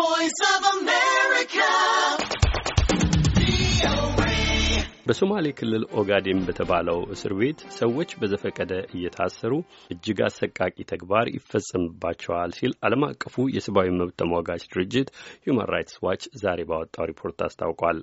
voice በሶማሌ ክልል ኦጋዴን በተባለው እስር ቤት ሰዎች በዘፈቀደ እየታሰሩ እጅግ አሰቃቂ ተግባር ይፈጸምባቸዋል ሲል ዓለም አቀፉ የሰብአዊ መብት ተሟጋች ድርጅት ሁማን ራይትስ ዋች ዛሬ ባወጣው ሪፖርት አስታውቋል።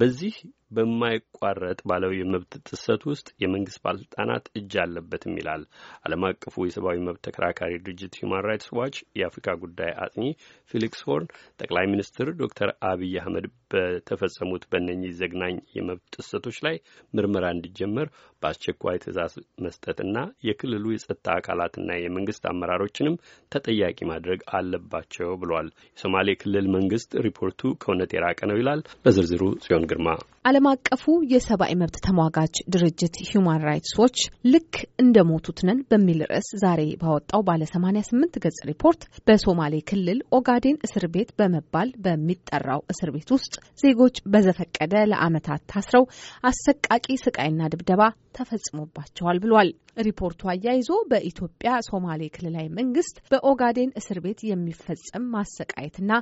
በዚህ በማይቋረጥ ባለው የመብት ጥሰት ውስጥ የመንግስት ባለስልጣናት እጅ አለበትም ይላል ዓለም አቀፉ የሰብአዊ መብት ተከራካሪ ድርጅት ሂውማን ራይትስ ዋች የአፍሪካ ጉዳይ አጥኚ ፊሊክስ ሆርን ጠቅላይ ሚኒስትር ዶክተር አብይ አህመድ በተፈጸሙት በእነኚህ ዘግናኝ የመብት ጥሰቶች ላይ ምርመራ እንዲጀመር በአስቸኳይ ትእዛዝ መስጠትና የክልሉ የጸጥታ አካላትና የመንግስት አመራሮችንም ተጠያቂ ማድረግ አለባቸው ብሏል። የሶማሌ ክልል መንግስት ሪፖርቱ ከእውነት የራቀ ነው ይላል። በዝርዝሩ ጽዮን ጽዮን ግርማ ዓለም አቀፉ የሰብአዊ መብት ተሟጋች ድርጅት ሂዩማን ራይትስ ዎች ልክ እንደ ሞቱት ነን በሚል ርዕስ ዛሬ ባወጣው ባለ 88 ገጽ ሪፖርት በሶማሌ ክልል ኦጋዴን እስር ቤት በመባል በሚጠራው እስር ቤት ውስጥ ዜጎች በዘፈቀደ ለዓመታት ታስረው አሰቃቂ ስቃይና ድብደባ ተፈጽሞባቸዋል ብሏል። ሪፖርቱ አያይዞ በኢትዮጵያ ሶማሌ ክልላዊ መንግስት በኦጋዴን እስር ቤት የሚፈጸም ማሰቃየትና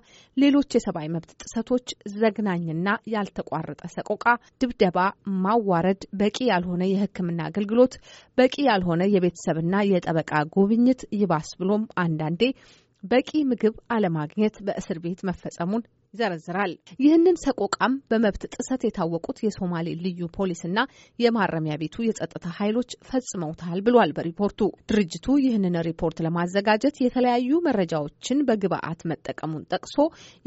ሌሎች የሰብአዊ መብት ጥሰቶች ዘግናኝና ያልተቋረጠ ሰቆቃ፣ ድብደባ፣ ማዋረድ፣ በቂ ያልሆነ የሕክምና አገልግሎት፣ በቂ ያልሆነ የቤተሰብና የጠበቃ ጉብኝት፣ ይባስ ብሎም አንዳንዴ በቂ ምግብ አለማግኘት በእስር ቤት መፈጸሙን ይዘረዝራል። ይህንን ሰቆቃም በመብት ጥሰት የታወቁት የሶማሌ ልዩ ፖሊስና የማረሚያ ቤቱ የጸጥታ ኃይሎች ፈጽመውታል ብሏል በሪፖርቱ። ድርጅቱ ይህንን ሪፖርት ለማዘጋጀት የተለያዩ መረጃዎችን በግብአት መጠቀሙን ጠቅሶ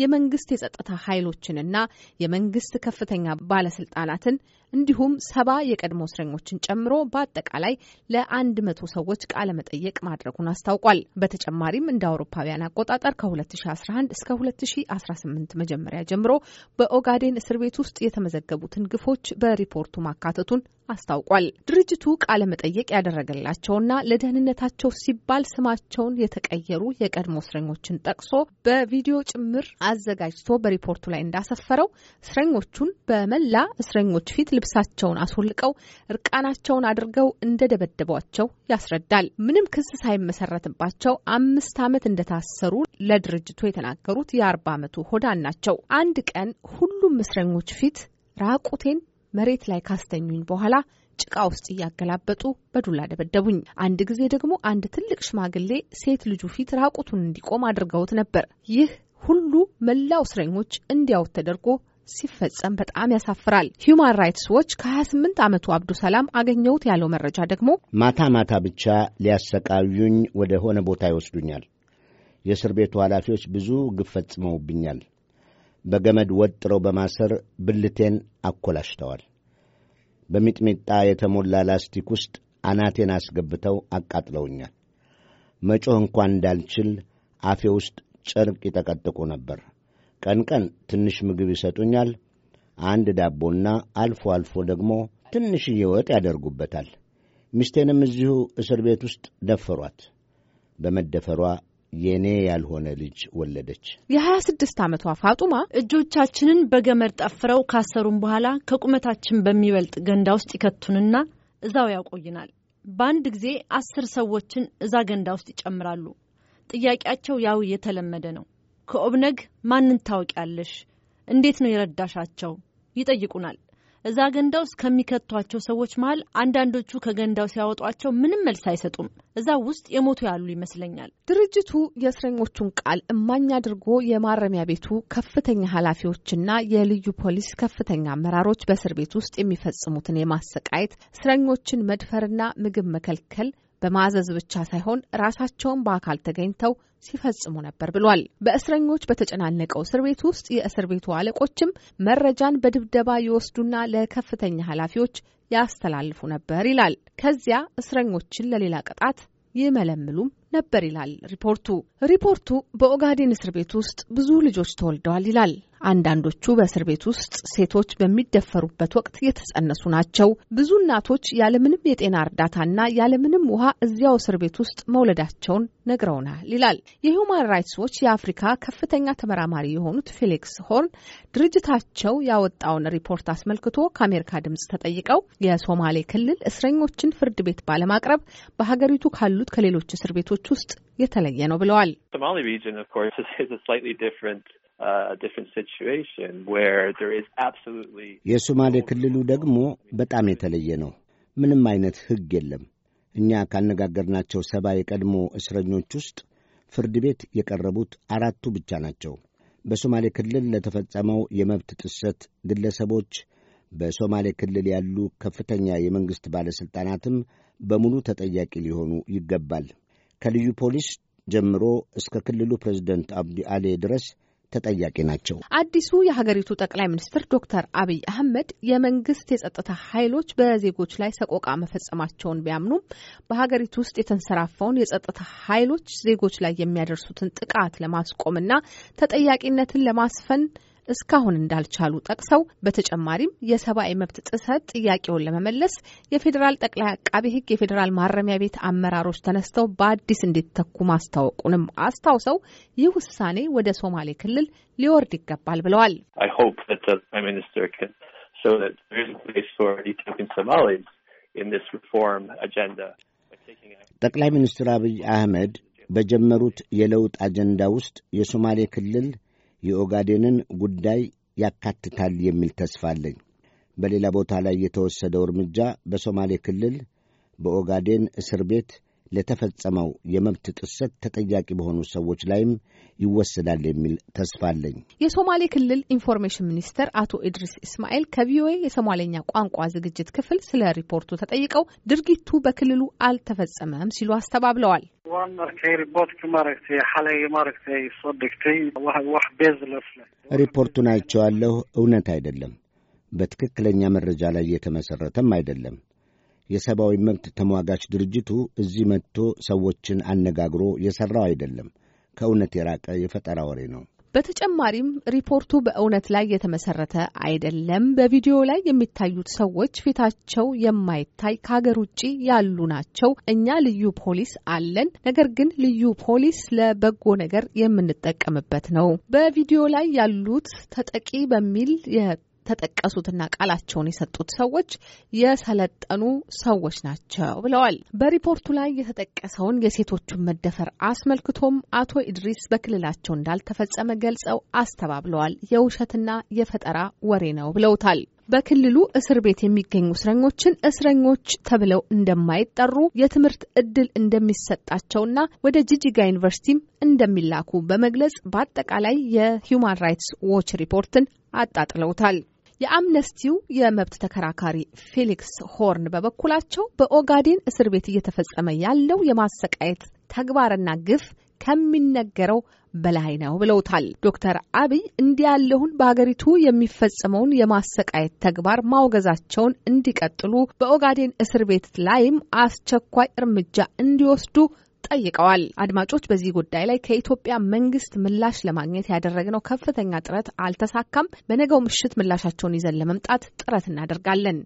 የመንግስት የጸጥታ ኃይሎችንና የመንግስት ከፍተኛ ባለስልጣናትን እንዲሁም ሰባ የቀድሞ እስረኞችን ጨምሮ በአጠቃላይ ለአንድ መቶ ሰዎች ቃለ መጠየቅ ማድረጉን አስታውቋል። በተጨማሪም እንደ አውሮፓውያን አቆጣጠር ከ2011 እስከ 2018 ሳምንት መጀመሪያ ጀምሮ በኦጋዴን እስር ቤት ውስጥ የተመዘገቡትን ግፎች በሪፖርቱ ማካተቱን አስታውቋል። ድርጅቱ ቃለ መጠየቅ ያደረገላቸውና ለደህንነታቸው ሲባል ስማቸውን የተቀየሩ የቀድሞ እስረኞችን ጠቅሶ በቪዲዮ ጭምር አዘጋጅቶ በሪፖርቱ ላይ እንዳሰፈረው እስረኞቹን በመላ እስረኞች ፊት ልብሳቸውን አስወልቀው እርቃናቸውን አድርገው እንደደበደቧቸው ያስረዳል። ምንም ክስ ሳይመሰረትባቸው አምስት ዓመት እንደታሰሩ ለድርጅቱ የተናገሩት የአርባ ዓመቱ ሆዳን ናቸው። አንድ ቀን ሁሉም እስረኞች ፊት ራቁቴን መሬት ላይ ካስተኙኝ በኋላ ጭቃ ውስጥ እያገላበጡ በዱላ ደበደቡኝ። አንድ ጊዜ ደግሞ አንድ ትልቅ ሽማግሌ ሴት ልጁ ፊት ራቁቱን እንዲቆም አድርገውት ነበር። ይህ ሁሉ መላው እስረኞች እንዲያውት ተደርጎ ሲፈጸም በጣም ያሳፍራል። ሂዩማን ራይትስ ዎች ከ28 ዓመቱ አብዱ ሰላም አገኘሁት ያለው መረጃ ደግሞ ማታ ማታ ብቻ ሊያሰቃዩኝ ወደ ሆነ ቦታ ይወስዱኛል የእስር ቤቱ ኃላፊዎች ብዙ ግፍ ፈጽመውብኛል። በገመድ ወጥረው በማሰር ብልቴን አኮላሽተዋል። በሚጥሚጣ የተሞላ ላስቲክ ውስጥ አናቴን አስገብተው አቃጥለውኛል። መጮህ እንኳን እንዳልችል አፌ ውስጥ ጨርቅ ይጠቀጥቁ ነበር። ቀን ቀን ትንሽ ምግብ ይሰጡኛል። አንድ ዳቦና አልፎ አልፎ ደግሞ ትንሽዬ ወጥ ያደርጉበታል። ሚስቴንም እዚሁ እስር ቤት ውስጥ ደፈሯት። በመደፈሯ የኔ ያልሆነ ልጅ ወለደች። የ የ26 ዓመቷ ፋጡማ እጆቻችንን በገመድ ጠፍረው ካሰሩን በኋላ ከቁመታችን በሚበልጥ ገንዳ ውስጥ ይከቱንና እዛው ያቆይናል። በአንድ ጊዜ አስር ሰዎችን እዛ ገንዳ ውስጥ ይጨምራሉ። ጥያቄያቸው ያው የተለመደ ነው። ከኦብነግ ማንን ታወቂያለሽ? እንዴት ነው የረዳሻቸው? ይጠይቁናል። እዛ ገንዳ ውስጥ ከሚከቷቸው ሰዎች መሀል አንዳንዶቹ ከገንዳው ሲያወጧቸው ምንም መልስ አይሰጡም። እዛ ውስጥ የሞቱ ያሉ ይመስለኛል። ድርጅቱ የእስረኞቹን ቃል እማኝ አድርጎ የማረሚያ ቤቱ ከፍተኛ ኃላፊዎችና የልዩ ፖሊስ ከፍተኛ አመራሮች በእስር ቤት ውስጥ የሚፈጽሙትን የማሰቃየት እስረኞችን መድፈርና ምግብ መከልከል በማዘዝ ብቻ ሳይሆን ራሳቸውን በአካል ተገኝተው ሲፈጽሙ ነበር ብሏል። በእስረኞች በተጨናነቀው እስር ቤት ውስጥ የእስር ቤቱ አለቆችም መረጃን በድብደባ ይወስዱና ለከፍተኛ ኃላፊዎች ያስተላልፉ ነበር ይላል። ከዚያ እስረኞችን ለሌላ ቅጣት ይመለምሉም ነበር ይላል ሪፖርቱ። ሪፖርቱ በኦጋዴን እስር ቤት ውስጥ ብዙ ልጆች ተወልደዋል ይላል። አንዳንዶቹ በእስር ቤት ውስጥ ሴቶች በሚደፈሩበት ወቅት የተጸነሱ ናቸው። ብዙ እናቶች ያለምንም የጤና እርዳታና ያለምንም ውሃ እዚያው እስር ቤት ውስጥ መውለዳቸውን ነግረውናል ይላል። የሁማን ራይትስ ዎች የአፍሪካ ከፍተኛ ተመራማሪ የሆኑት ፌሊክስ ሆርን ድርጅታቸው ያወጣውን ሪፖርት አስመልክቶ ከአሜሪካ ድምጽ ተጠይቀው የሶማሌ ክልል እስረኞችን ፍርድ ቤት ባለማቅረብ በሀገሪቱ ካሉት ከሌሎች እስር ቤቶች ክልሎች ውስጥ የተለየ ነው ብለዋል። uh, የሶማሌ ክልሉ ደግሞ በጣም የተለየ ነው። ምንም አይነት ሕግ የለም። እኛ ካነጋገርናቸው ሰባ የቀድሞ እስረኞች ውስጥ ፍርድ ቤት የቀረቡት አራቱ ብቻ ናቸው። በሶማሌ ክልል ለተፈጸመው የመብት ጥሰት ግለሰቦች፣ በሶማሌ ክልል ያሉ ከፍተኛ የመንግሥት ባለሥልጣናትም በሙሉ ተጠያቂ ሊሆኑ ይገባል። ከልዩ ፖሊስ ጀምሮ እስከ ክልሉ ፕሬዚደንት አብዲ አሌ ድረስ ተጠያቂ ናቸው። አዲሱ የሀገሪቱ ጠቅላይ ሚኒስትር ዶክተር አብይ አህመድ የመንግስት የጸጥታ ኃይሎች በዜጎች ላይ ሰቆቃ መፈጸማቸውን ቢያምኑም በሀገሪቱ ውስጥ የተንሰራፋውን የጸጥታ ኃይሎች ዜጎች ላይ የሚያደርሱትን ጥቃት ለማስቆምና ተጠያቂነትን ለማስፈን እስካሁን እንዳልቻሉ ጠቅሰው በተጨማሪም የሰብአዊ መብት ጥሰት ጥያቄውን ለመመለስ የፌዴራል ጠቅላይ አቃቢ ሕግ የፌዴራል ማረሚያ ቤት አመራሮች ተነስተው በአዲስ እንዲተኩ ማስታወቁንም አስታውሰው ይህ ውሳኔ ወደ ሶማሌ ክልል ሊወርድ ይገባል ብለዋል። ጠቅላይ ሚኒስትር አብይ አህመድ በጀመሩት የለውጥ አጀንዳ ውስጥ የሶማሌ ክልል የኦጋዴንን ጉዳይ ያካትታል የሚል ተስፋ አለኝ። በሌላ ቦታ ላይ የተወሰደው እርምጃ በሶማሌ ክልል በኦጋዴን እስር ቤት ለተፈጸመው የመብት ጥሰት ተጠያቂ በሆኑ ሰዎች ላይም ይወሰዳል የሚል ተስፋ አለኝ። የሶማሌ ክልል ኢንፎርሜሽን ሚኒስተር አቶ ኢድሪስ እስማኤል ከቪኦኤ የሶማሌኛ ቋንቋ ዝግጅት ክፍል ስለ ሪፖርቱ ተጠይቀው ድርጊቱ በክልሉ አልተፈጸመም ሲሉ አስተባብለዋል። ሪፖርቱን አይቼዋለሁ። እውነት አይደለም፣ በትክክለኛ መረጃ ላይ የተመሰረተም አይደለም። የሰብአዊ መብት ተሟጋች ድርጅቱ እዚህ መጥቶ ሰዎችን አነጋግሮ የሠራው አይደለም፣ ከእውነት የራቀ የፈጠራ ወሬ ነው። በተጨማሪም ሪፖርቱ በእውነት ላይ የተመሰረተ አይደለም። በቪዲዮ ላይ የሚታዩት ሰዎች ፊታቸው የማይታይ ከሀገር ውጭ ያሉ ናቸው። እኛ ልዩ ፖሊስ አለን፣ ነገር ግን ልዩ ፖሊስ ለበጎ ነገር የምንጠቀምበት ነው። በቪዲዮ ላይ ያሉት ተጠቂ በሚል የተጠቀሱትና ቃላቸውን የሰጡት ሰዎች የሰለጠኑ ሰዎች ናቸው ብለዋል። በሪፖርቱ ላይ የተጠቀሰውን የሴቶቹን መደፈር አስመልክቶም አቶ ኢድሪስ በክልላቸው እንዳልተፈጸመ ገልጸው አስተባብለዋል። የውሸትና የፈጠራ ወሬ ነው ብለውታል። በክልሉ እስር ቤት የሚገኙ እስረኞችን እስረኞች ተብለው እንደማይጠሩ የትምህርት እድል እንደሚሰጣቸውና ወደ ጂጂጋ ዩኒቨርሲቲም እንደሚላኩ በመግለጽ በአጠቃላይ የሂዩማን ራይትስ ዎች ሪፖርትን አጣጥለውታል። የአምነስቲው የመብት ተከራካሪ ፌሊክስ ሆርን በበኩላቸው በኦጋዴን እስር ቤት እየተፈጸመ ያለው የማሰቃየት ተግባርና ግፍ ከሚነገረው በላይ ነው ብለውታል። ዶክተር አብይ እንዲህ ያለውን በሀገሪቱ የሚፈጸመውን የማሰቃየት ተግባር ማውገዛቸውን እንዲቀጥሉ፣ በኦጋዴን እስር ቤት ላይም አስቸኳይ እርምጃ እንዲወስዱ ጠይቀዋል። አድማጮች፣ በዚህ ጉዳይ ላይ ከኢትዮጵያ መንግስት ምላሽ ለማግኘት ያደረግነው ከፍተኛ ጥረት አልተሳካም። በነገው ምሽት ምላሻቸውን ይዘን ለመምጣት ጥረት እናደርጋለን።